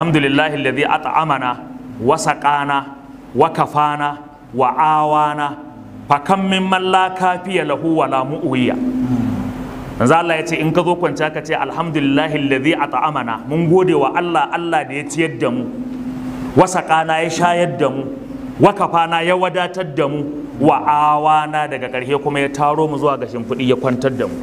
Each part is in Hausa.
alhamdulillahi alladhi at'amana wa saqana wa kafana wa awana fa kam min man kafiya lahu wa la manzo Allah ce in ka zo kwanta ka ce alhamdulillahi alladhi at'amana mun gode wa Allah Allah da ya ciyar da mu wa saqana ya shayar da mu wa kafana ya wadatar da mu wa awana daga ƙarshe kuma ya taro mu zuwa ga shimfiɗi ya kwantar da mu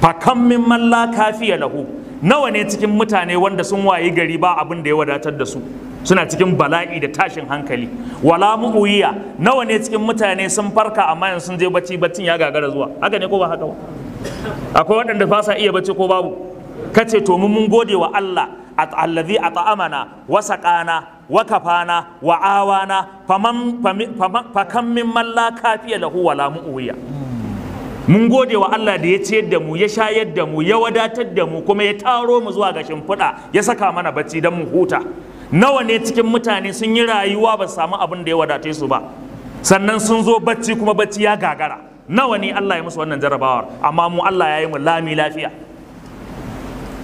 fa kam min man la kafiya lahu nawa ne cikin mutane wanda sun wayi gari ba abin da ya wadatar da su suna cikin bala'i da tashin hankali wala mu'uyya nawa ne cikin mutane sun farka amma yanzu sun je bacci baccin ya gagara zuwa haka ne ko ba haka ba akwai waɗanda ba sa iya bacci ko babu kace to mun gode wa Allah alladhi at'amana wa saqana wa kafana wa awana faman faman min man la kafiya lahu wala mu'uyya mun gode wa Allah da ya ciyar da mu ya shayar da mu ya wadatar da mu kuma ya taro mu zuwa ga shimfiɗa ya saka mana bacci don mu huta nawa ne cikin mutane sun yi rayuwa ba samu abin da ya wadace su ba sannan sun zo bacci kuma bacci ya gagara nawa ne Allah ya musu wannan jarabawar amma mu Allah ya yi mu lami lafiya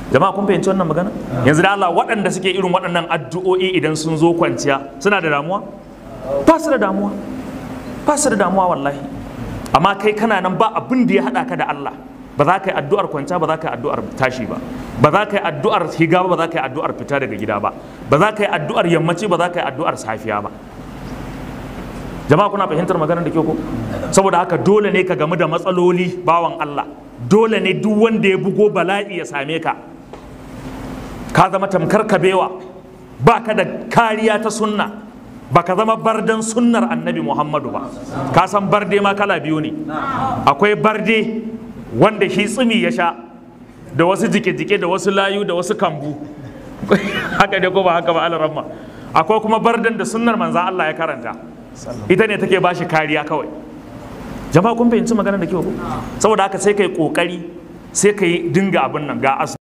jama'a kun fahimci wannan magana yanzu da Allah waɗanda suke irin waɗannan addu'o'i idan sun zo kwanciya suna da damuwa ba su da damuwa ba su da damuwa wallahi amma kai kana nan ba abin da ya haɗa ka da Allah ba za ka yi addu'ar kwanta ba za ka yi addu'ar tashi ba ba za ka yi addu'ar higa ba ba za ka yi addu'ar fita daga gida ba ba za ka yi addu'ar yammaci ba za ka yi addu'ar safiya ba jama'a kuna fahimtar maganar da ke ko saboda haka dole ne ka gamu da matsaloli bawan Allah dole ne duk wanda ya bugo bala'i ya same ka ka zama tamkar kabewa ba ka da kariya ta sunna Ba ka zama bardan sunnar annabi muhammadu ba ka san barde ma kala biyu ne akwai barde wanda shi tsumi ya sha da wasu jike-jike da wasu layu da wasu kambu haka da ko ba haka ba alaramma akwai kuma bardan da sunnar manzan Allah ya karanta ita ne take bashi kariya kawai jama'a kun fahimci magana da kyau saboda haka sai kai kokari sai kai dinga abin nan ga